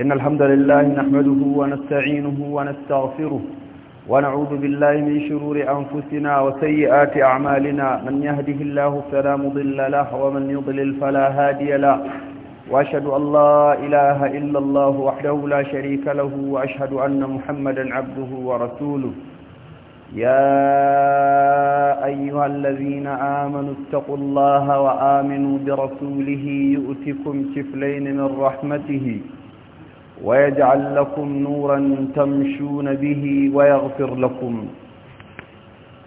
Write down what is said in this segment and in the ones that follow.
إن الحمد لله نحمده ونستعينه ونستغفره ونعوذ بالله من شرور أنفسنا وسيئات أعمالنا من يهده الله فلا مضل له ومن يضلل فلا هادي له وأشهد أن لا إله إلا الله وحده لا شريك له وأشهد أن محمدا عبده ورسوله يا أيها الذين آمنوا اتقوا الله وآمنوا برسوله يؤتكم كفلين من رحمته ويجعل لكم نورا تمشون به ويغفر لكم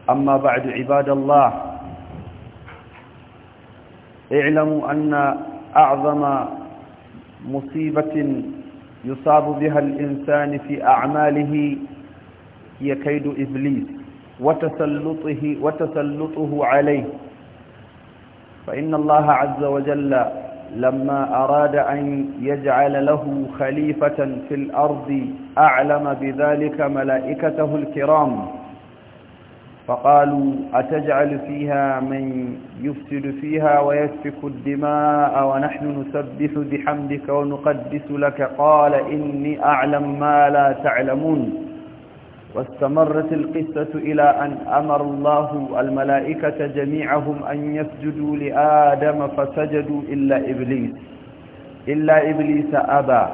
أما بعد عباد الله اعلموا أن أعظم مصيبة يصاب بها الإنسان في أعماله هي كيد إبليس وتسلطه وتسلطه عليه فإن الله عز وجل لما أراد أن يجعل له خليفة في الأرض أعلم بذلك ملائكته الكرام فقالوا أتجعل فيها من يفسد فيها ويسفك الدماء ونحن نسبح بحمدك ونقدس لك قال إني أعلم ما لا تعلمون واستمرت القصة إلى أن أمر الله الملائكة جميعهم أن يسجدوا لآدم فسجدوا إلا إبليس إلا إبليس أبى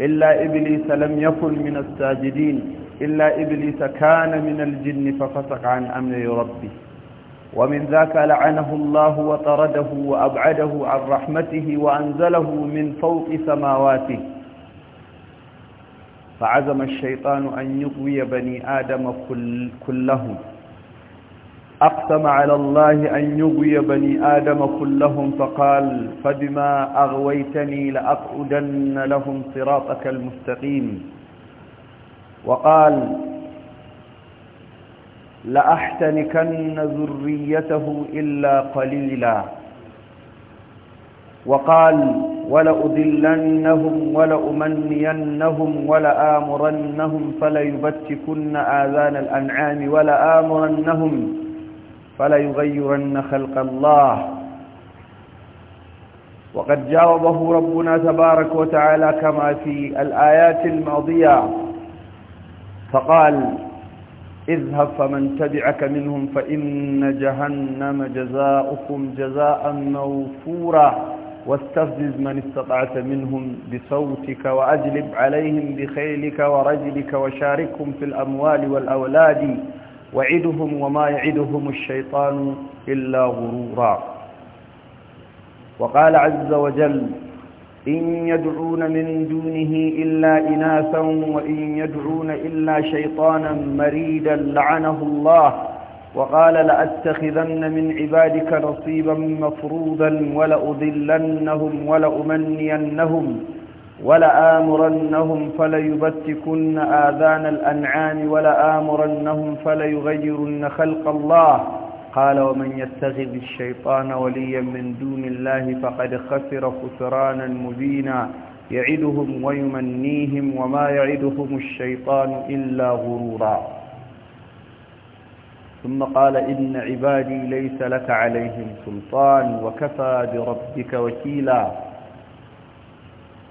إلا إبليس لم يكن من الساجدين إلا إبليس كان من الجن ففسق عن أمر ربه ومن ذاك لعنه الله وطرده وأبعده عن رحمته وأنزله من فوق سماواته فعزم الشيطان أن يغوي بني آدم كلهم أقسم على الله أن يغوي بني آدم كلهم فقال فبما أغويتني لأقعدن لهم صراطك المستقيم وقال لأحتنكن ذريته إلا قليلاً وقال ولأذلنهم ولأمنينهم ولآمرنهم فليبتكن آذان الأنعام ولآمرنهم فليغيرن خلق الله وقد جاوبه ربنا تبارك وتعالى كما في الآيات الماضية فقال اذهب فمن تبعك منهم فإن جهنم جزاؤكم جزاء موفورا واستفزز من استطعت منهم بصوتك وأجلب عليهم بخيلك ورجلك وشاركهم في الأموال والأولاد وعدهم وما يعدهم الشيطان إلا غرورا وقال عز وجل إن يدعون من دونه إلا إناثا وإن يدعون إلا شيطانا مريدا لعنه الله وقال لأتخذن من عبادك نصيبا مفروضا ولأذلنهم ولأمنينهم ولآمرنهم فليبتكن آذان الأنعام ولآمرنهم فليغيرن خلق الله قال ومن يتخذ الشيطان وليا من دون الله فقد خسر خسرانا مبينا يعدهم ويمنيهم وما يعدهم الشيطان إلا غرورا ثم قال إن عبادي ليس لك عليهم سلطان وكفى بربك وكيلا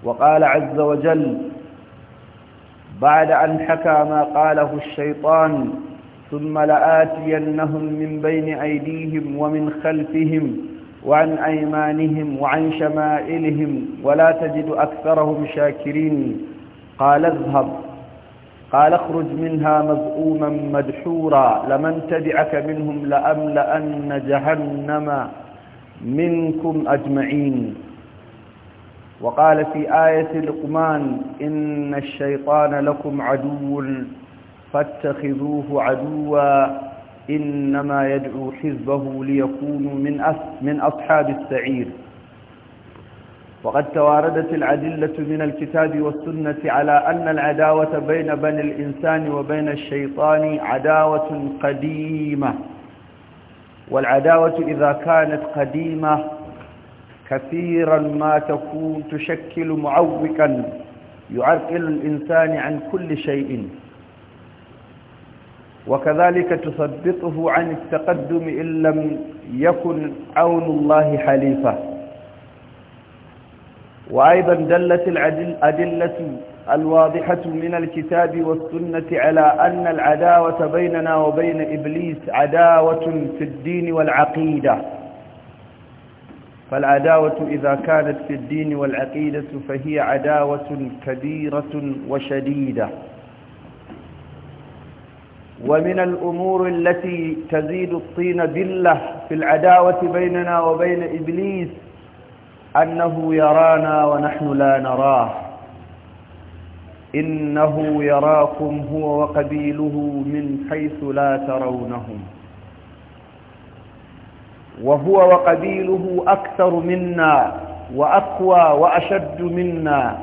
وقال عز وجل بعد أن حكى ما قاله الشيطان ثم لآتينهم من بين أيديهم ومن خلفهم وعن أيمانهم وعن شمائلهم ولا تجد أكثرهم شاكرين قال اذهب قال اخرج منها مذءوما مدحورا لمن تبعك منهم لأملأن جهنم منكم أجمعين وقال في آية لقمان إن الشيطان لكم عدو فاتخذوه عدوا إنما يدعو حزبه ليكونوا من, من أصحاب السعير وقد تواردت العدلة من الكتاب والسنة على أن العداوة بين بني الإنسان وبين الشيطان عداوة قديمة والعداوة إذا كانت قديمة كثيرا ما تكون تشكل معوقا يعرقل الإنسان عن كل شيء وكذلك تثبطه عن التقدم إن لم يكن عون الله حليفه وأيضا دلت الأدلة الواضحة من الكتاب والسنة على أن العداوة بيننا وبين إبليس عداوة في الدين والعقيدة فالعداوة إذا كانت في الدين والعقيدة فهي عداوة كبيرة وشديدة ومن الأمور التي تزيد الطين بالله في العداوة بيننا وبين إبليس أنه يرانا ونحن لا نراه إنه يراكم هو وقبيله من حيث لا ترونهم وهو وقبيله أكثر منا وأقوى وأشد منا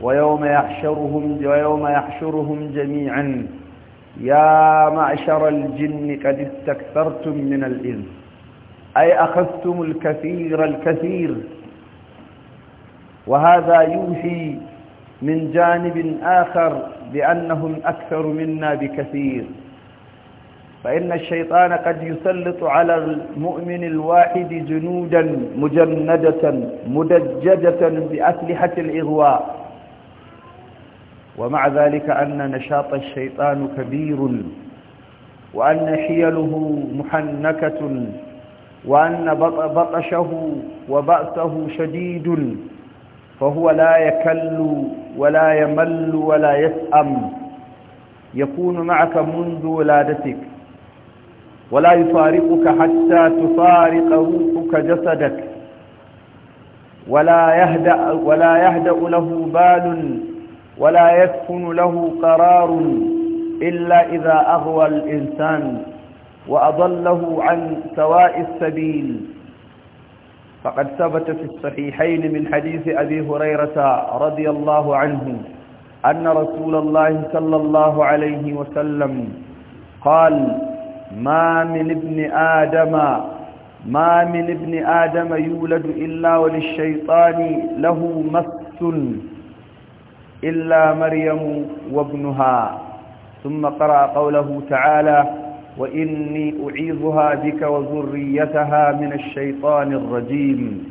ويوم يحشرهم ويوم يحشرهم جميعا يا معشر الجن قد استكثرتم من الإنس أي أخذتم الكثير الكثير وهذا يوحي من جانب آخر بأنهم أكثر منا بكثير فإن الشيطان قد يسلط على المؤمن الواحد جنودا مجندة مدججة بأسلحة الإغواء ومع ذلك أن نشاط الشيطان كبير وأن حيله محنكة وأن بطشه وبأسه شديد فهو لا يكل ولا يمل ولا يسأم يكون معك منذ ولادتك ولا يفارقك حتى تفارق روحك جسدك ولا يهدأ, ولا يهدأ له بال ولا يسكن له قرار إلا إذا أغوى الإنسان وأضله عن سواء السبيل فقد ثبت في الصحيحين من حديث أبي هريرة رضي الله عنه أن رسول الله صلى الله عليه وسلم قال ما من ابن آدم ما من ابن آدم يولد إلا وللشيطان له مس إلا مريم وابنها ثم قرأ قوله تعالى وإني أعيذها بك وذريتها من الشيطان الرجيم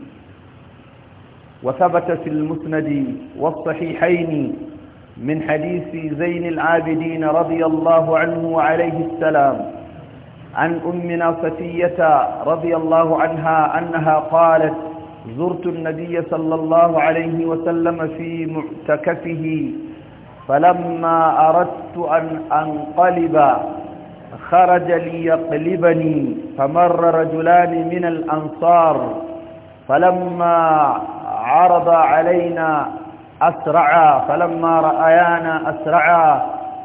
وثبت في المسند والصحيحين من حديث زين العابدين رضي الله عنه وعليه السلام عن أمنا صفية رضي الله عنها أنها قالت زرت النبي صلى الله عليه وسلم في معتكفه فلما أردت أن أنقلب خرج ليقلبني فمر رجلان من الأنصار فلما عرض علينا أسرعا فلما رأيانا أسرعا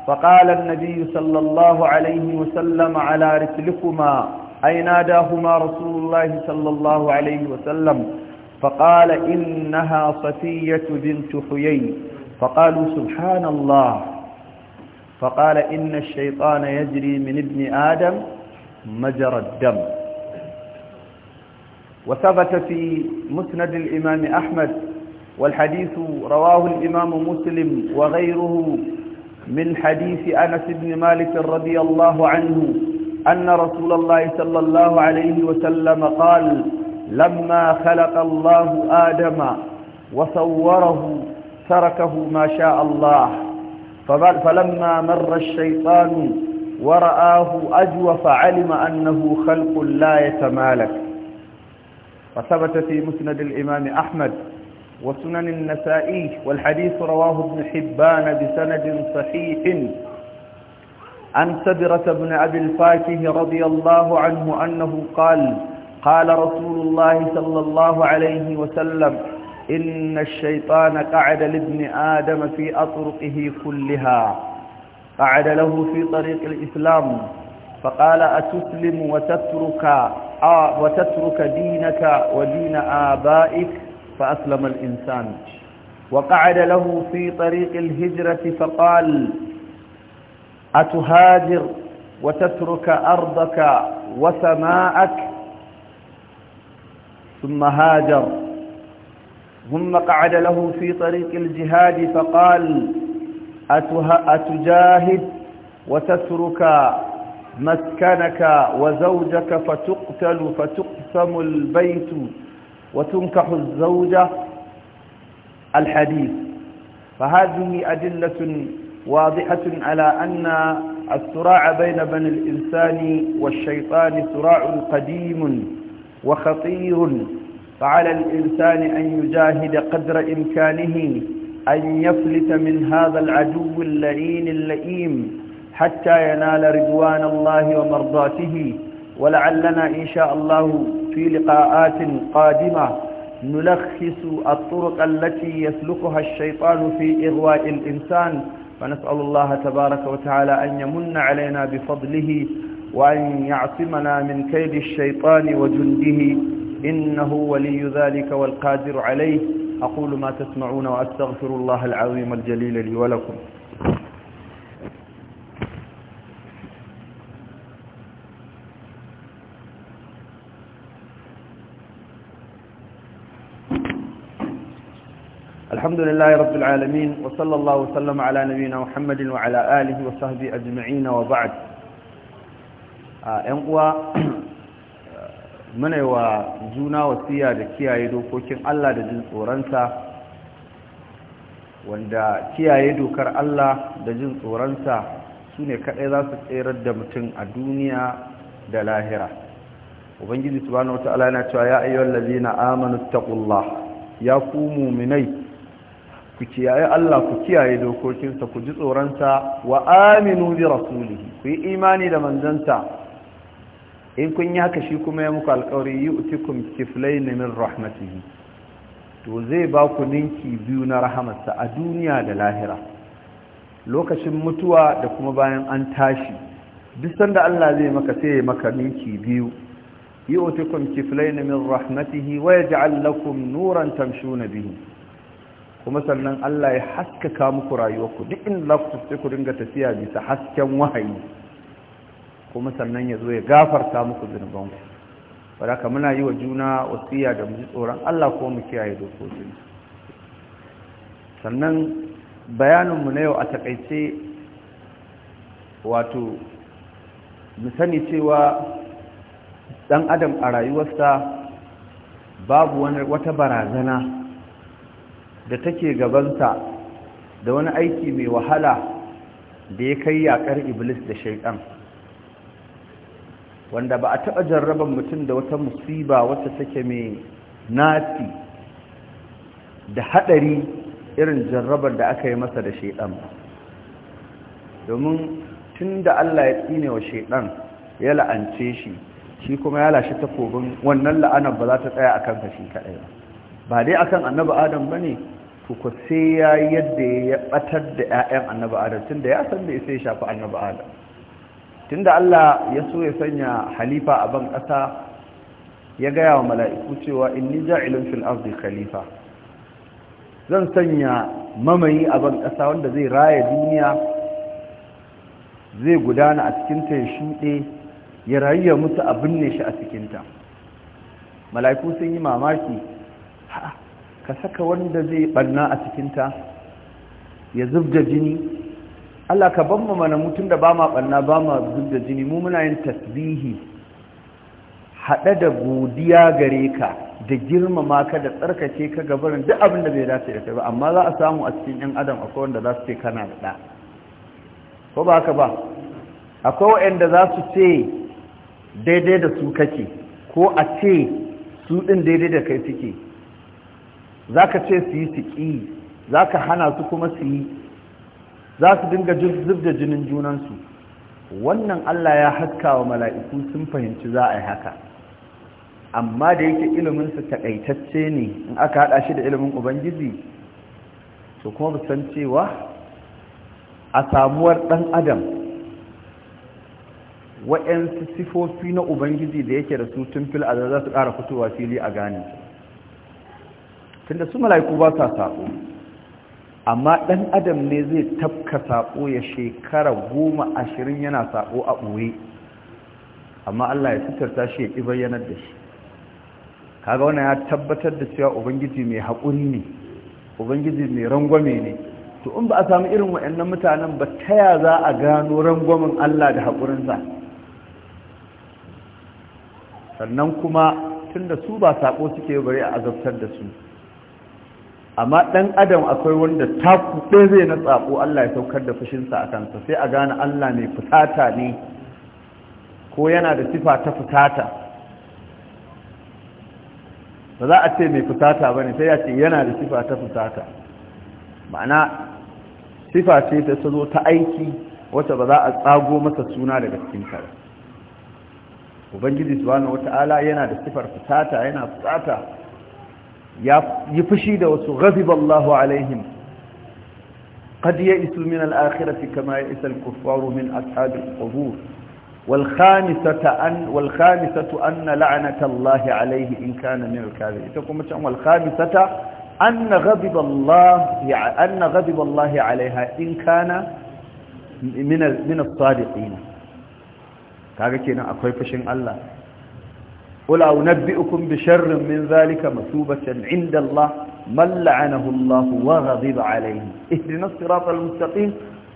فقال النبي صلى الله عليه وسلم على رسلكما أي ناداهما رسول الله صلى الله عليه وسلم فقال إنها صفية بنت حيي فقالوا سبحان الله فقال إن الشيطان يجري من ابن آدم مجرى الدم وثبت في مسند الإمام أحمد والحديث رواه الإمام مسلم وغيره من حديث أنس بن مالك رضي الله عنه أن رسول الله صلى الله عليه وسلم قال لما خلق الله آدم وصوره تركه ما شاء الله فلما مر الشيطان ورآه أجوى فعلم أنه خلق لا يتمالك وثبت في مسند الإمام أحمد وسنن النسائي والحديث رواه ابن حبان بسند صحيح عن سدرة بن أبي الفاكه رضي الله عنه أنه قال قال رسول الله صلى الله عليه وسلم إن الشيطان قعد لابن آدم في أطرقه كلها قعد له في طريق الإسلام فقال أتسلم وتترك وتترك دينك ودين آبائك فأسلم الإنسان وقعد له في طريق الهجرة فقال أتهاجر وتترك أرضك وسماءك ثم هاجر ثم قعد له في طريق الجهاد فقال أتجاهد وتترك مسكنك وزوجك فتقتل فتقسم البيت وتنكح الزوجة الحديث فهذه أدلة واضحة على أن الصراع بين بني الإنسان والشيطان صراع قديم وخطير فعلى الإنسان أن يجاهد قدر إمكانه أن يفلت من هذا العدو اللئين اللئيم حتى ينال رضوان الله ومرضاته ولعلنا إن شاء الله في لقاءات قادمة نلخص الطرق التي يسلكها الشيطان في إغواء الإنسان فنسأل الله تبارك وتعالى أن يمن علينا بفضله وأن يعصمنا من كيد الشيطان وجنده إنه ولي ذلك والقادر عليه أقول ما تسمعون وأستغفر الله العظيم الجليل لي ولكم الحمد لله رب العالمين وصلى الله وسلم على نبينا محمد وعلى آله وصحبه أجمعين وبعد آه، أنقوى muna yi wa juna wasiya da kiyaye dokokin Allah da jin tsoronsa wanda kiyaye dokar Allah da jin tsoronsa su ne kaɗai za su tserar da mutum a duniya da lahira ubangiji su wata ala yana cewa ya ayyuhal ladina amanu ƙulla, ya ku mu'minai ku kiyaye Allah ku kiyaye dokokinsa ku ji tsoronsa wa aminu bi rasulihi ku yi imani da manzansa in kun yi haka shi kuma ya muku alkawari yi utikun kiflai ne min rahmatihi to zai ba ku ninki biyu na rahamarsa a duniya da lahira lokacin mutuwa da kuma bayan an tashi duk sanda Allah zai maka sai ya maka ninki biyu yi utikun kiflai ne min rahmatihi wa ya ja'al lakum nuran na bihi kuma sannan Allah ya haskaka muku rayuwarku duk inda za ku ku dinga tafiya bisa hasken wahayi kuma sannan ya zo ya gafarta muku zunubanku ka muna yi wa juna wasiya da mu ji tsoron Allah ko mu kiyaye dokokin sannan bayaninmu na yau a takaice wato mu sani cewa dan adam a rayuwarsa babu wani wata barazana da take gabansa da wani aiki mai wahala da ya kai yakar iblis da shaitan wanda ba a taɓa jarraban mutum da wata musiba wata take mai nasi da haɗari irin jarrabar da aka yi masa da shaiɗan domin tun da Allah ya tsine wa shaiɗan ya la'ance shi shi kuma ya lashe takobin wannan la'anar ba za ta tsaya a kanka shi kaɗai ba dai akan annabi adam ba ne ko sai ya yadda ya ɓatar da 'ya'yan annabi adam tun da ya san da isa ya shafi annabi adam tunda Allah ya so ya sanya halifa a ban ƙasa ya gaya wa mala'iku cewa inni ja'ilun fil ardi khalifa zan sanya mamayi a ban ƙasa wanda zai raya duniya zai gudana a cikinta ya shuɗe ya rayu ya mutu a binne shi a cikinta mala'iku sun yi mamaki ka saka wanda zai ɓanna a cikinta ya zubda jini Allah ka ban mu mana mutun da ba ma banna ba ma da jini mu muna yin tasbihi hada da godiya gare ka da girmama ka da tsarkake ka gabarin duk abin da bai dace da kai ba amma za a samu a cikin yan adam akwai wanda za su ce kana da ko ba ka ba akwai wanda za su ce daidai da su kake ko a ce su din daidai da kai suke za ka ce su yi su ƙi za ka hana su kuma su yi za su dinga zub da jinin junansu wannan Allah ya haska wa mala'iku sun fahimci za a yi haka amma da yake iliminsu taƙaitacce ne in aka haɗa shi da ilimin ubangiji to kuma san cewa a samuwar ɗan adam waɗansu sifofi na ubangiji da yake da su tun fil za su ƙara fitowa fili a gane da su mala'iku ba sa saƙo amma ɗan adam ne zai tafka saƙo ya shekara goma ashirin yana saƙo a ɓoye amma Allah ya sitarta shi ya ƙi bayyanar da shi kaga wannan ya tabbatar da cewa ubangiji mai haƙuri ne ubangiji mai rangwame ne to in ba a samu irin waɗannan mutanen ba taya za a gano rangwamen Allah da haƙurinsa sannan kuma tunda su ba saƙo suke bari a azabtar da su amma ɗan adam akwai wanda taku ɗaya zai na tsako Allah ya saukar da fushinsa a kansa sai a gane Allah mai fusata ne ko yana da sifa ta fusata ba za a ce mai fusata ba ne sai ya ce yana da sifa ta fusata ma'ana sifa ce ta zo ta aiki wata ba za a tsago masa suna daga cikin kare ubangiji subhanahu wata'ala yana da sifar fusata yana fusata ya yi fushi da wasu ghadiballahu alaihim qad ya'isu min al-akhirati kama ya'isa al-kuffaru min ashabi al-qubur wal khamisata an wal khamisatu anna la'natallahi alayhi in kana min al-kadhib ita kuma can wal khamisata anna ghadiballahi anna ghadiballahi alaiha in kana min min as-sadiqin kaga kenan akwai fushin Allah قل أنبئكم بشر من ذلك مثوبة عند الله من لعنه الله وغضب عليه اهدنا الصراط المستقيم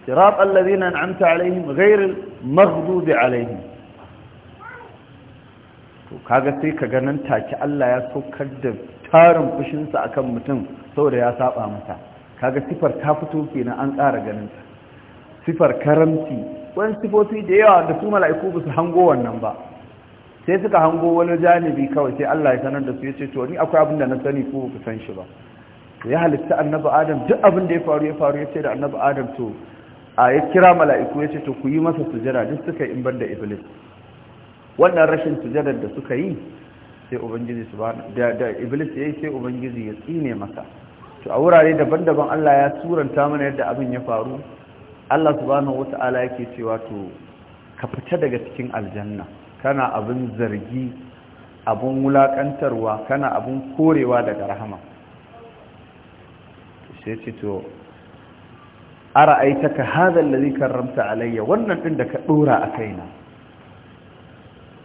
صراط الذين أنعمت عليهم غير المغضوب عليهم kaga sai ka ganin take Allah ya saukar da tarin fushinsa akan mutum saboda ya saba mata kaga sifar ta fito kenan an ƙara ganin sifar karamci wani sifofi da yawa da su mala'iku ba su hango wannan ba sai suka hango wani janibi kawai sai Allah ya sanar da su ya ce to ni akwai abin da na sani ko ku san shi ba to ya halitta annabi adam duk abin da ya faru ya faru ya ce da annabi adam to a ya kira mala'iku ya ce to ku yi masa sujada duk suka yi in banda iblis wannan rashin sujadar da suka yi sai ubangiji subhanahu da iblis yayi sai ubangiji ya tsine masa to a wurare daban-daban Allah ya suranta mana yadda abin ya faru Allah subhanahu wata'ala yake cewa to ka fita daga cikin aljanna kana abin zargi abin wulakantarwa kana abin korewa daga rahama sai ce to ara aitaka hadha alladhi karramta alayya wannan din da ka ɗora a kaina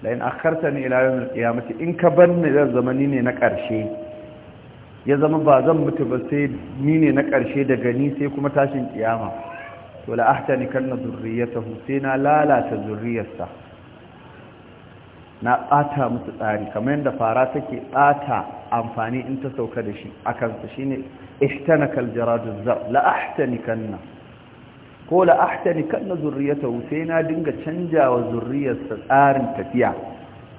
la akarta ne ilayen ya mace in ka ne zan zama ni ne na ƙarshe. ya zama ba zan mutu ba sai ni ne na ƙarshe daga ni sai kuma tashin kiyama to la'ahta ne kanna na sai na lalata zurriyarsa na ɓata musu tsari kamar yadda fara take ɓata amfani in ta sauka da shi a kansa shi ne ishtanakal jaradun zar kanna. ko kanna zurriyata sai na dinga canja wa zurriyarsa tsarin tafiya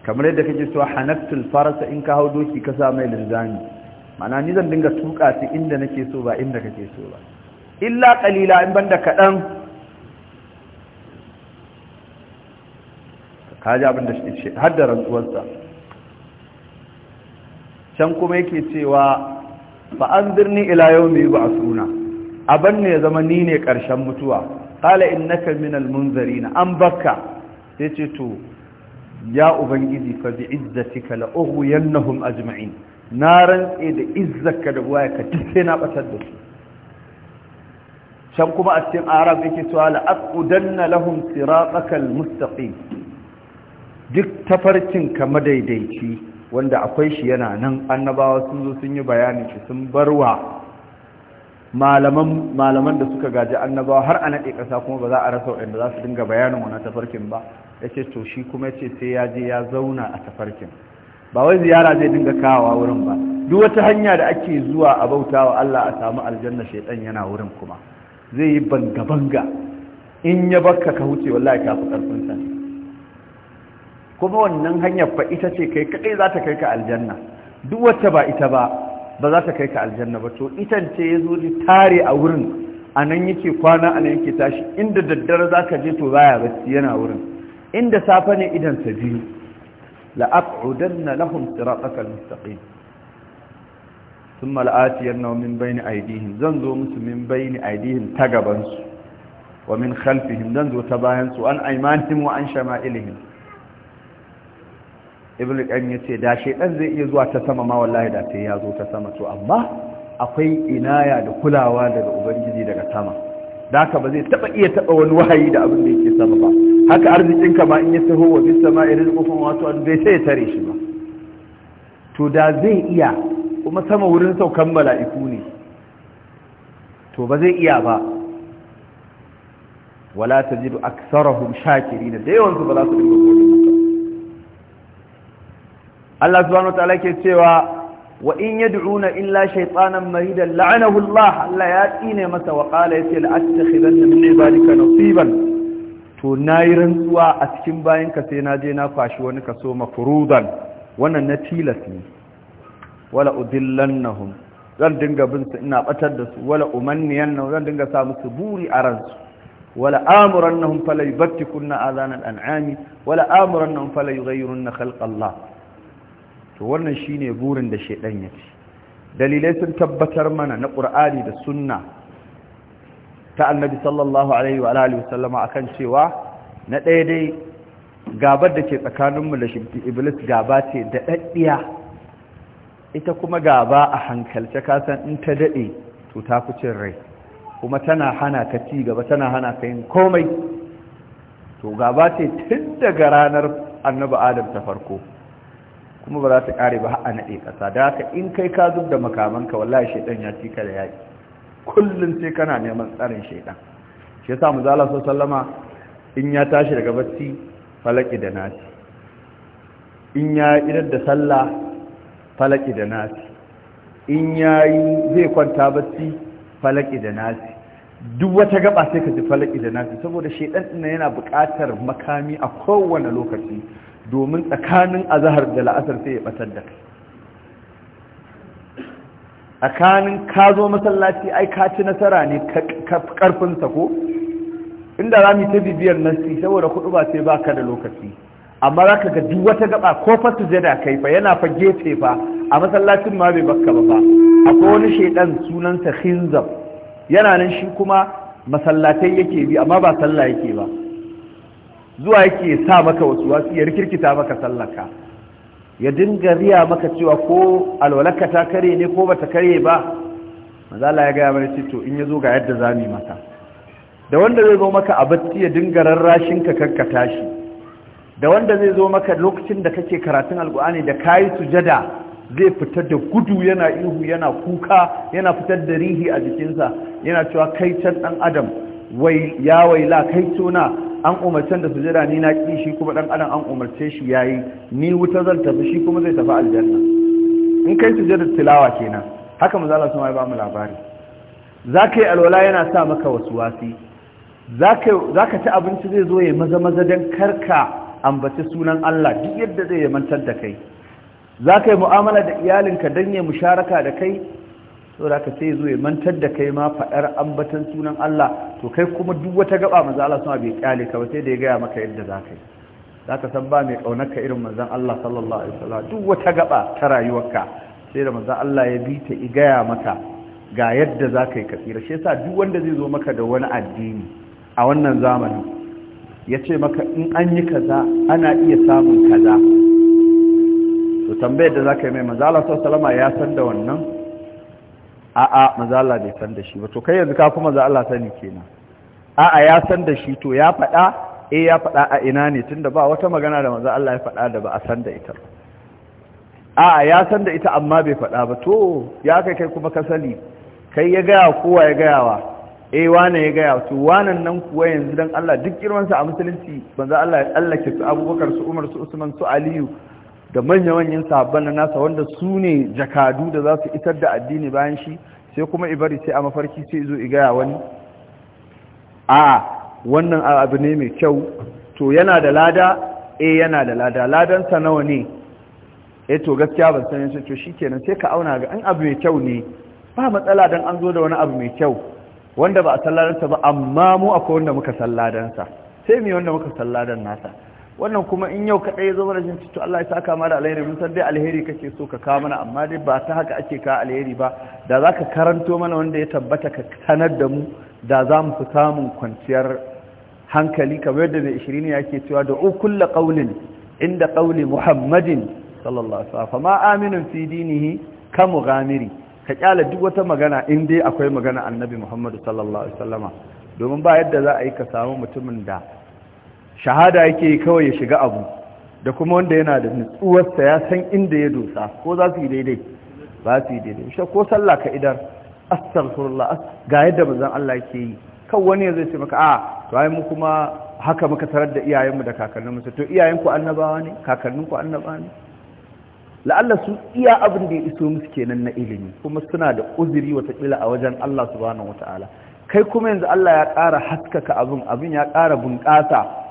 kamar yadda kake cewa hanaktul farasa in ka hau doki ka sa mai linzami ma'ana ni zan dinga tuka su inda nake so ba inda kake so ba illa ƙalila in banda kaɗan kaji abin da shi har da rantsuwarsa can kuma yake cewa ba an birni ila yau mai ba a suna abin ne ya zama ni ne ƙarshen mutuwa kala innaka min almunzarina an bakka sai ce to ya ubangiji fa bi izzatika la ughwiyannahum ajma'in na rantse da izzaka da waya ka tafe na batar da su can kuma a cikin arab yake cewa la aqudanna lahum siratakal mustaqim duk tafarkin ka madaidaici wanda akwai shi yana nan annabawa sun zo sun yi bayani shi sun barwa malaman malaman da suka gaji annabawa har a naɗe ƙasa kuma ba za a rasa waɗanda za su dinga bayanin wani tafarkin ba yace to shi kuma ya ce sai ya je ya zauna a tafarkin ba wai ziyara zai dinga kawawa wurin ba duk wata hanya da ake zuwa a bautawa Allah a samu aljanna shaitan yana wurin kuma zai yi banga-banga in ya baka ka huce wallahi ka fi ƙarfinsa kuma wannan hanyar fa ita ce kai kai za ta kai ka aljanna duk wacce ba ita ba ba za ta kai ka aljanna ba to itance ya zo tare a wurin a nan yake kwana a nan yake tashi inda daddare za ka je to baya bacci yana wurin inda safe ne idan sa biyu la'aq'udanna lahum siratakal mustaqim thumma la'atiyannahum min bayni aydihim zan zo musu min bayni aydihim ta gaban su wa min khalfihim zan zo ta bayan su an aymanihim wa an shama'ilihim ɗan ya ce da shedan zai iya zuwa ta sama ma wallahi da ta ya zo ta sama to amma akwai inaya da kulawa daga ubangiji daga sama da haka ba zai taba iya taba wani wahayi da abin da yake sama ba haka arzikin ka ma in ya taho wa bis sama irin kofan wato an zai sai tare shi ba to da zai iya kuma sama wurin saukan mala'iku ne to ba zai iya ba wala tajidu aktsarahum shakirin da yawan su ba za su dinga godiya Allah subhanahu wataala ke cewa wa in yad'una illa shaytanan maridan la'anahu Allah Allah ya tsine masa wa qala yace la'attakhidanna min ibadika nasiban to nayi rantsuwa a cikin bayanka sai na je na kwashi wani kaso mafrudan wannan na tilas ne wala udillannahum zan dinga bin su ina batar da su wala umanniyannahum zan dinga sa musu buri a ransu wala amurannahum fala yubtikunna adhanal an'ami wala amurannahum fala yughayyirunna khalqa Allah to wannan shine burin da shedan ya ci dalilai sun tabbatar mana na ƙur'ani da sunna ta annabi sallallahu alaihi wa alihi wasallama akan cewa na ɗaya dai gabar da ke tsakaninmu da iblis gaba ce da daddiya ita kuma gaba a hankalce kasan in ta dade to ta cin rai kuma tana hana ka ci gaba tana hana ka yin komai to gaba ce tun daga ranar annabi adam ta farko kuma ba za ta kare ba a naɗe ƙasa da haka in kai ka zub da makamanka wallahi shaidan ya ci ka da yaƙi kullum sai kana neman tsarin shaidan shi yasa muzala so sallama in ya tashi daga bacci falaki da nasi in ya idar da sallah falaki da nasi in ya yi zai kwanta bacci falaki da nasi duk wata gaba sai ka ji falaki da nasi saboda shaidan ɗin yana buƙatar makami a kowane lokaci domin tsakanin azahar da la'asar sai ya batar da kai tsakanin ka zo masallaci ai ka ci nasara ne karfinsa ko inda za mu ta bibiyar nasi saboda kudu ba sai ba ka da lokaci amma za ka ga duk wata gaba ko fa da kai fa yana fa gefe fa a masallacin ma bai bakka ba fa akwai wani shaidan sunansa khinzab yana nan shi kuma masallatai yake bi amma ba sallah yake ba zuwa yake sa maka wasu wasu ya rikirkita maka sallaka ya dinga riya maka cewa ko alwalaka ta kare ne ko bata kare ba mazala ya gaya mana ce in ya zo ga yadda za mu maka da wanda zai zo maka a batti ya dinga rarrashin ka kanka tashi da wanda zai zo maka lokacin da kake karatun alkur'ani da kayi sujada zai fitar da gudu yana ihu yana kuka yana fitar da rihi a jikinsa yana cewa kai can dan adam wai ya waila kai tona an umarcen da sujada ni na ƙi shi kuma ɗan adam an umarce shi ya yi, ni wuta zan tafi shi kuma zai tafi aljanna in kai sujada tilawa kenan haka mu zala sun ba mu labari Za ka yi alwala yana sa maka wasu wasi. Za ka ci abinci zai zo ya maza maza dan karka ambaci sunan Allah duk yadda zai mantar da kai Za ka yi mu'amala da iyalinka don ya musharaka da kai so da ka sai zo ya mantar da kai ma faɗar ambatan sunan Allah to kai kuma duk wata gaba maza Allah suna bai kyale ka ba sai da ya gaya maka yadda za ka yi za ka san ba mai ƙaunar ka irin manzon Allah sallallahu alaihi wasallam duk wata gaba ta rayuwarka sai da maza Allah ya bi ta igaya maka ga yadda za ka yi tsira shi yasa duk wanda zai zo maka da wani addini a wannan zamani ya ce maka in an yi kaza ana iya samun kaza to tambayar da za ka yi mai manzon Allah sallallahu alaihi wasallam ya san da wannan a'a maza Allah bai san da shi ba to kai yanzu ka kuma maza Allah sani kenan a'a ya san da shi to ya faɗa eh ya faɗa a ina ne tunda ba wata magana da maza Allah ya faɗa da ba a san da ita a'a ya san da ita amma bai faɗa ba to ya kai kai kuma ka sani kai ya gaya kowa ya gaya wa eh wane ya gaya to wanan nan kuwa yanzu dan Allah duk girman sa a musulunci maza Allah ya tsallake su Abubakar su Umar su Usman su Aliyu da manya-manyan sahabban na nasa wanda su ne jakadu da za su isar da addini bayan shi sai kuma ibari sai a mafarki sai zo igaya wani a wannan abu ne mai kyau to yana da lada a eh, yana da lada ladansa nawa ne e to gaskiya ban san shi to shi kenan sai ka auna ga an abu mai kyau ne ba matsala don an zo da wani abu mai kyau wanda ba a salladansa ba amma mu akwai wanda muka salladansa sai mu wanda muka salladan nasa wannan kuma in yau kaɗai ya zama mana cuto Allah ya sa kama da alheri mun san dai alheri kake so ka kawo mana amma dai ba ta haka ake ka alheri ba da za ka karanto mana wanda ya tabbata ka sanar da mu da za mu fi samun kwanciyar hankali kamar yadda mai ishirin ya ke cewa da ukulla ƙaunin inda ƙauli muhammadin sallallahu alaihi wasallam ma aminin fi dinihi ka mughamiri ka kyala duk wata magana in dai akwai magana annabi muhammadu sallallahu alaihi wasallama domin ba yadda za a yi ka samu mutumin da shahada yake kawai ya shiga abu da kuma wanda yana da nutsuwarsa ya san inda ya dosa ko za su yi daidai ba su yi daidai shi ko sallah ka idar astaghfirullah ga yadda zan Allah yake yi kan wani zai ce maka a to ai mu kuma haka muka tarar da iyayenmu da kakanninmu to iyayenku annabawa ne kakanninku annabawa ne la'alla su iya abin da ya iso musu kenan na ilimi kuma suna da uzuri kila a wajen Allah subhanahu wata'ala kai kuma yanzu Allah ya ƙara haskaka abin abin ya ƙara bunƙasa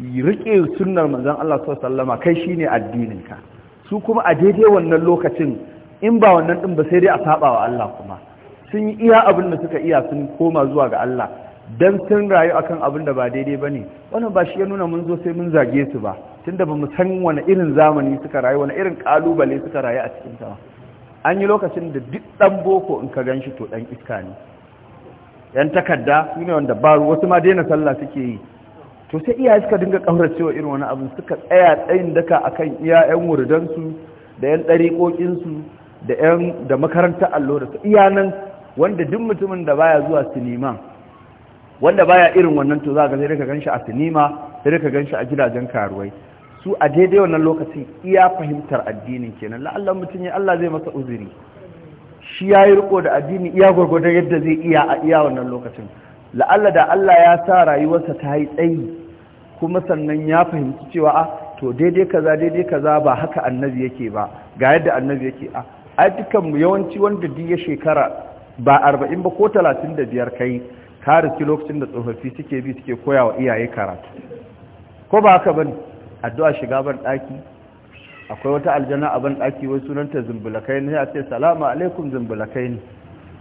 riƙe sunnar manzon Allah sallama kai shine addininka su kuma a daidai wannan lokacin in ba wannan din ba sai dai a saba wa Allah kuma sun yi iya abin da suka iya sun koma zuwa ga Allah dan sun rayu akan abin da ba daidai ne wannan ba shi ya nuna mun zo sai mun zage su ba tunda ba mu san wani irin zamani suka rayu wani irin kalubale suka rayu a cikin ta an yi lokacin da duk ɗan boko in ka ganshi to dan iska ne yan takarda su ne wanda ba wasu ma daina sallah suke yi to sai iyaye suka dinga cewa irin wani abu suka tsaya tsayin daka akan kan yan wurdansu da yan ɗariƙoƙinsu da yan da makarantar allo da su iyanan wanda duk mutumin da baya zuwa sinima wanda baya irin wannan to za ka sai ka ganshi a sinima sai ka ganshi a gidajen karuwai su a daidai wannan lokacin iya fahimtar addinin kenan la'allan mutum ya Allah zai masa uzuri shi ya yi riko da addini iya gwargwadon yadda zai iya a iya wannan lokacin la'alla da Allah ya sa rayuwarsa ta yi tsayi kuma sannan ya fahimci cewa a ah, to daidai kaza daidai kaza ba haka annabi yake ba ga yadda annabi yake a ah, ai dukan yawanci wanda duk ya shekara ba arba'in ba ko talatin da biyar kai ka ki lokacin da tsofaffi suke bi suke koya wa iyaye karatu ko ba haka bane addu'a shiga ban daki akwai wata aljanna a ban daki wai sunanta zumbulakai ne a ce salamu alaikum zumbulakai ne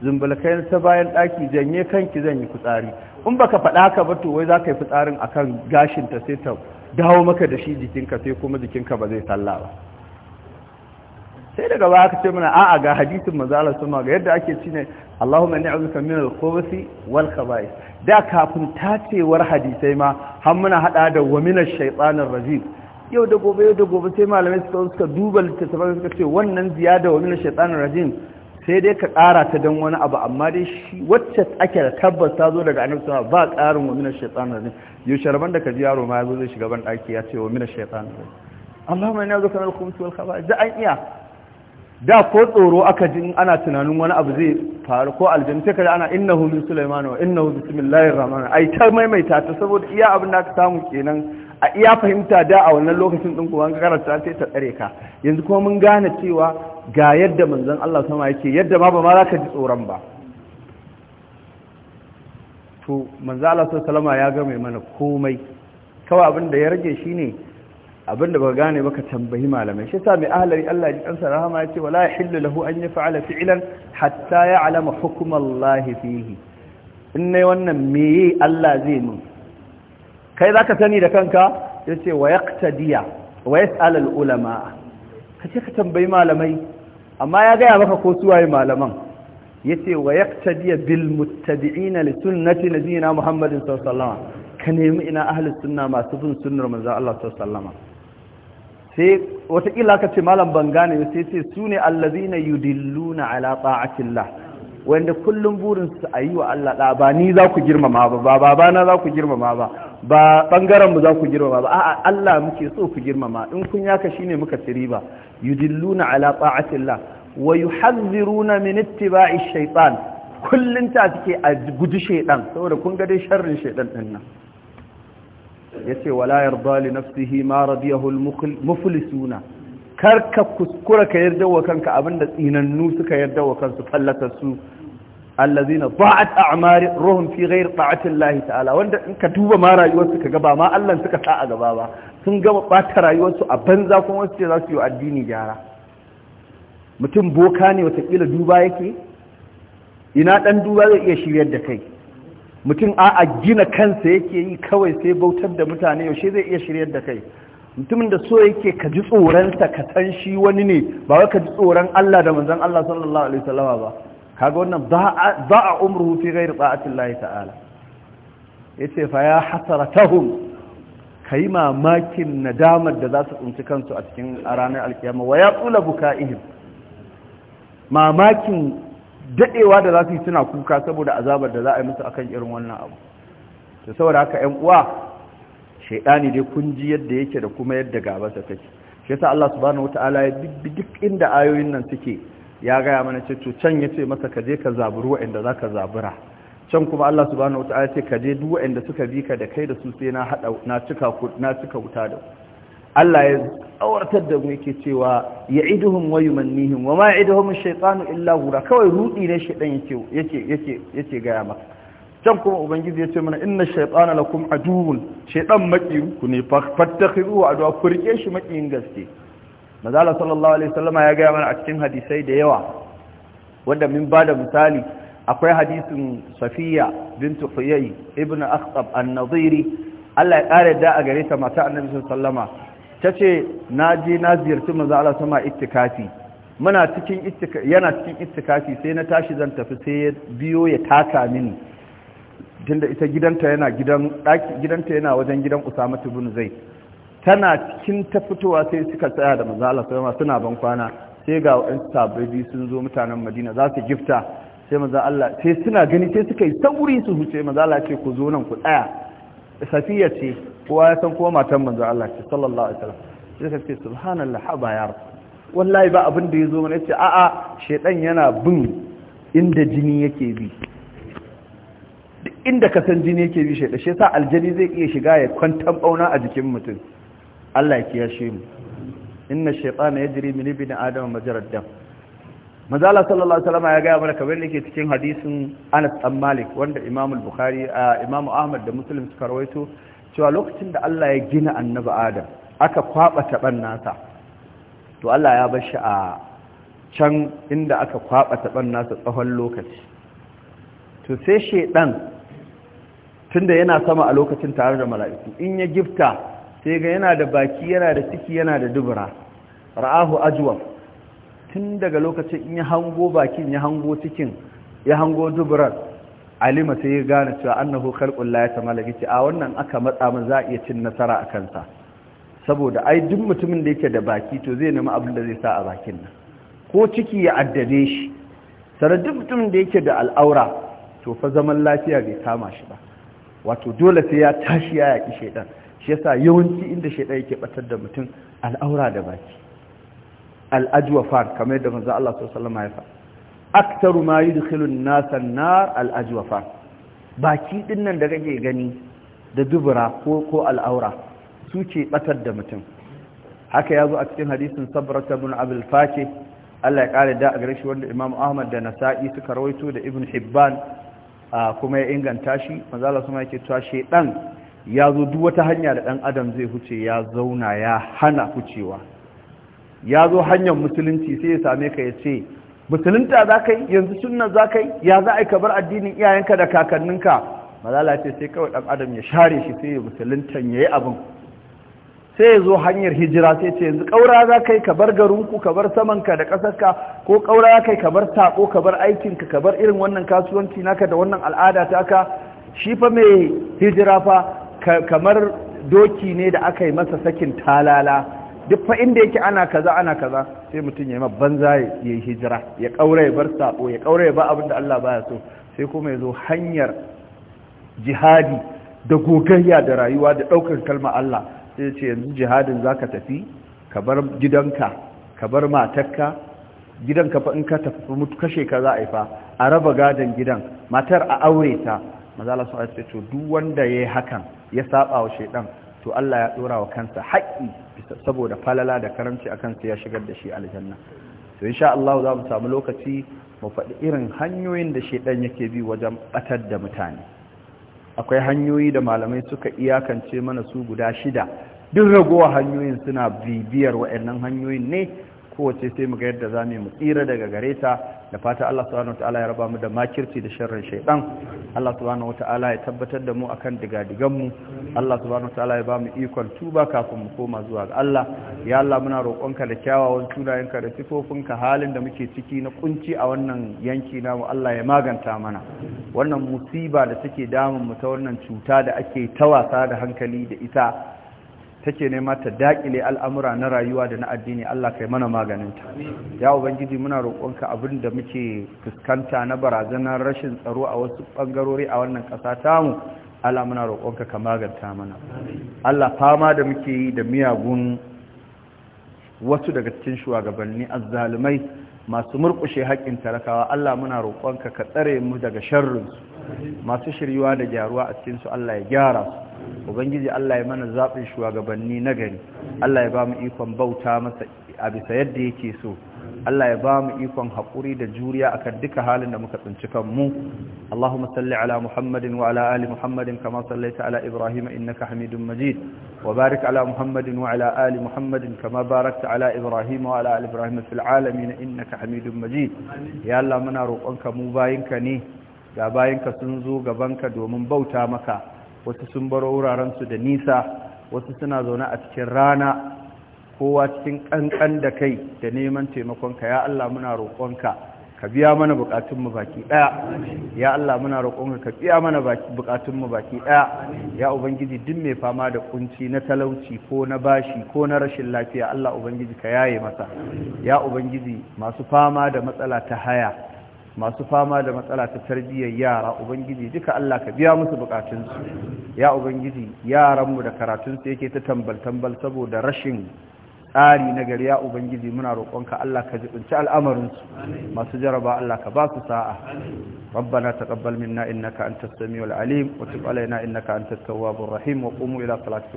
zumbulkayen ta bayan ɗaki janye kanki zan yi fitsari in baka faɗa ka ba to wai za ka yi fitsarin akan gashin ta sai ta dawo maka da shi jikinka sai kuma jikinka ba zai salla ba sai daga baya ka ce mana a ga hadisin manzo Allah ga yadda ake ci ne Allahumma ni azuka min al-khubuthi wal khaba'is da kafin tacewar hadisai ma har muna hada da wa min ash-shaytanir rajim yau da gobe yau da gobe sai malamai suka duba littattafan suka ce wannan ziyada wa min ash-shaytanir rajim sai dai ka ƙara ta don wani abu amma dai shi wacce ake da tabbas ta zo daga annabi sallallahu ba ƙarin wa mina shaytan ne. yau sharban da ka ji yaro ma yazo zai shiga ban daki ya ce wa mina shaytan ne Allahumma inna a'udhu bika min al khaba'ith da an iya da ko tsoro aka ji ana tunanin wani abu zai faru ko aljanna sai kaji ana innahu min sulaiman wa innahu bismillahir rahmanir ai ta maimaita ta saboda iya abin da aka samu kenan a iya fahimta da a wannan lokacin din kuma an karanta sai ta tsare ka yanzu kuma mun gane cewa ga yadda manzan Allah sama yake yadda ma ba ma za ka ji tsoron ba to manzon Allah salama ya game mana komai kawai abinda ya rage shine abin baka ba gane ba ka tambayi malamai shi sa mai ahlari Allah ji kansa rahama ya ce wala yahillu lahu an yaf'ala fiilan hatta ya'lama hukmallahi fihi in ne wannan meye Allah zai mun kai zaka sani da kanka yace wa yaqtadiya wa yas'al ulama kace ka tambayi malamai amma ya gaya maka ko suwaye malaman yace wa yaqtadi bil muttabi'ina li sunnati nabiyina muhammadin sallallahu alaihi wasallam ka nemi ina ahli sunna masu bin sunnar manzo Allah sallallahu alaihi wasallam sai wata ka ce malam ban gane sai ce sune allazina yudilluna ala ta'atillah wanda kullum burinsu a yi wa Allah da ba ni za ku girmama ba ba babana za ku girmama ba ba bangaren mu za ku girmama ba a'a Allah muke so ku girmama in kun yaka shine muka tsiri ba yudilluna ala Allah wa yuhadhiruna min ittiba'i shaytan kullun ta take a guji shaytan saboda kun ga dai sharrin shaytan din nan yace wala yarda li nafsihi ma radiyahu al-muflisuna karka kuskura ka yarda wa kanka abinda tsinannu suka yarda wa kansu fallatar su allazina ba'at a'mari ruhum fi ghairi ta'ati lahi ta'ala wanda in ka duba ma rayuwarsu ka gaba ma Allah suka sa a gaba ba sun gama bata rayuwarsu a banza kuma wasu ce za su yi addini gyara mutum boka ne watakila duba yake ina dan duba zai iya shiryar da kai mutum a'a gina kansa yake yi kawai sai bautar da mutane yaushe zai iya shiryar da kai mutumin da so yake ka ji tsoronsa ka san shi wani ne ba wai ka ji tsoron Allah da manzon Allah sallallahu alaihi wasallama ba kaga wannan za a umruhu fi gairu ta'atun layi ta'ala Ya ce fa ya hasara ka yi mamakin nadamar da za su tsinci kansu a cikin ranar alkiyama wa ya tsula ihim? mamakin daɗewa da za su yi suna kuka saboda azabar da za a yi musu akan irin wannan abu ta saboda haka 'yan uwa shaidani dai kun ji yadda yake da kuma yadda gabasa take shi yasa Allah subhanahu ta'ala ya bi duk inda ayoyin nan suke ya gaya mana ce to can ya ce masa ka je ka zaburu waɗanda za ka zabura can kuma Allah subhanahu wa ta'ala ce ka je duk waɗanda suka bi ka da kai da su sai na hada na cika na cika wuta da Allah ya tsawartar da mu yake cewa ya'iduhum wa yumannihim wa ma ya'iduhum ash-shaytanu illa hura kawai rudi ne shaytan yake yake yake yake gaya maka can kuma ubangiji ya ce mana inna shaytana lakum aduwwun shaytan makiyin ku ne fattakhiru aduwa ku rike shi makiyin gaske mazala sallallahu alaihi wasallama ya gaya mana a cikin hadisai da yawa wanda min da misali akwai hadisin safiya bintu huyay ibn akhtab an-nadiri Allah ya kare da a gare ta mata annabi sallama tace naje na ziyarci manzo Allah sama ittikafi muna cikin yana cikin ittikafi sai na tashi zan tafi sai ya biyo ya taka mini tunda ita gidanta yana wajen gidan Usama ibn Zaid tana cikin ta fitowa sai suka tsaya da manzo sai ma suna ban kwana sai ga wa'in sabbi sun zo mutanen Madina za su gifta sai manzo Allah sai suna gani sai suka yi sauri su huce maza Allah ce ku zo nan ku tsaya safiya ce kowa ya san kuma matan maza Allah ce sallallahu alaihi wasallam sai ka ce subhanallah haba ya rabb wallahi ba abin da zo mana ce a'a shedan yana bin inda jini yake bi inda ka san jini yake bi shedan shi yasa aljani zai iya shiga ya kwantan bauna a jikin mutum Allah ya kiyashe mu inna shaytana yajri min ibn adam majrad dam Maza Allah sallallahu alaihi wasallam ya ga mana kamar yake cikin hadisin Anas bin Malik wanda Imam al-Bukhari Imam Ahmad da Muslim suka rawaito cewa lokacin da Allah ya gina annabi Adam aka kwaba taban nasa to Allah ya bar shi a can inda aka kwaba taban nasa tsawon lokaci to sai shaytan tunda yana sama a lokacin tare da mala'iku in ya gifta sai ga yana da baki yana da ciki yana da dubura ra'ahu ajwab tun daga lokacin in ya hango bakin ya hango cikin ya hango duburar alima sai ya gane cewa annahu khalqul la yatamala ce a wannan aka matsa mun za a iya cin nasara a kansa saboda ai duk mutumin da yake da baki to zai nemi abin da zai sa a bakin nan ko ciki ya addade shi sanar duk mutumin da yake da al'aura to fa zaman lafiya bai kama shi ba wato dole sai ya tashi ya yaki shaiɗan. shi yasa yawanci inda shaidan yake batar da mutum al'aura da baki al'ajwafan kamar yadda manzo Allah sallallahu alaihi wasallam aktaru ma yudkhilu an-nasa an-nar al'ajwafan baki din nan da kake gani da dubura ko ko al'aura su ce batar da mutum haka yazo a cikin hadisin sabrat ibn abul faki Allah ya kare da a gare shi wanda Imam Ahmad da Nasa'i suka rawaito da Ibn Hibban kuma ya inganta shi manzo Allah sallallahu alaihi wasallam yake cewa ya zo duk wata hanya da ɗan adam zai huce ya zauna ya hana hucewa ya zo hanyar musulunci sai ya same ka ya ce musulunta za ka yi yanzu sunna za ka yi ya za a yi kabar addinin iyayenka da kakanninka malala ce sai kawai ɗan adam ya share shi sai ya musuluntan ya yi abin sai ya zo hanyar hijira sai ce yanzu ƙaura za ka yi ka bar garinku ka samanka da ƙasarka ko ƙaura za ka yi kabar taɓo ka aikinka kabar irin wannan kasuwanci naka da wannan al'ada ta ka shi fa mai hijira fa kamar doki ne da aka yi masa sakin talala duk fa inda yake ana kaza ana kaza sai mutum ya yi banza ya yi hijira ya kaura ya bar sabo ya kaura ya ba abin da Allah baya so sai kuma ya zo hanyar jihadi da gogayya da rayuwa da ɗaukar kalma Allah sai ce yanzu jihadin za ka tafi ka bar gidanka ka bar matarka gidanka fa in ka tafi mutu kashe ka za a yi fa a raba gadon gidan matar a aure ta maza Allah a ce to duk wanda yayi hakan ya saba wa shaidan to Allah ya dora wa kansa haƙƙi saboda falala da karanci a kansa ya shigar da shi aljanna to insha Allah za mu samu lokaci mu faɗi irin hanyoyin da shaidan yake bi wajen batar da mutane akwai hanyoyi da malamai suka iyakance mana su guda shida duk ragowa hanyoyin suna bibiyar waɗannan hanyoyin ne kowace sai mu ga yadda za mu tsira daga gare ta da fata Allah subhanahu ta'ala ya raba mu da makirci da sharrin shaytan Allah subhanahu ta'ala ya tabbatar da mu akan digadigan mu Allah subhanahu ta'ala ya ba mu ikon tuba kafin mu koma zuwa ga Allah ya Allah muna roƙonka da kyawawan sunayenka da sifofinka halin da muke ciki na kunci a wannan yanki namu Allah ya maganta mana wannan musiba da take damun mu ta wannan cuta da ake tawasa da hankali da ita take nema ta daƙile al'amura na rayuwa da na addini Allah kai mana maganinta ya ubangiji muna roƙonka abin da muke fuskanta na barazanar rashin tsaro a wasu ɓangarori a wannan ƙasa tamu Allah muna roƙonka ka maganta mana Allah fama da muke yi da miyagun wasu daga cikin shugabanni azzalumai masu murƙushe haƙƙin talakawa Allah muna roƙonka ka tsare mu daga sharrinsu masu shiryuwa da gyaruwa a cikin Allah ya gyara ubangiji Allah ya mana zaɓin shugabanni na gari Allah ya ba mu ikon bauta masa a bisa yadda yake so Allah ya ba mu ikon haƙuri da juriya a akan duka halin da muka tsinci kanmu Allahumma salli ala Muhammadin wa ala ali Muhammadin kama sallaita ala Ibrahim innaka Hamidum Majid wa barik ala Muhammadin wa ala ali Muhammadin kama barakta ala Ibrahim wa ala ali Ibrahim fil alamin innaka Hamidum Majid ya Allah muna roƙonka mu bayinka ne ga bayanka sun zo gabanka domin bauta maka wasu sun baro su da nisa wasu suna zaune a cikin rana kowa cikin ƙanƙan da kai da neman taimakonka ya Allah muna roƙonka ka biya mana buƙatunmu baki ɗaya ya Allah muna roƙonka ka biya mana buƙatunmu baki ɗaya ya ubangiji duk mai fama da kunci na talauci ko na bashi ko na rashin lafiya Allah ubangiji ka yaye masa ya ubangiji masu fama da matsala ta haya masu fama da matsala ta tarbiyyar yara ubangiji duka Allah ka biya musu bukatunsu ya ubangiji yaranmu da karatunsu yake ta tambal-tambal saboda rashin tsari na gari ya ubangiji muna roƙonka Allah ka jibinci al'amarinsu masu jaraba Allah ka ba su sa'a ربنا تقبل منا إنك أنت السميع العليم وتب علينا إنك أنت التواب الرحيم وقوموا إلى صلاتكم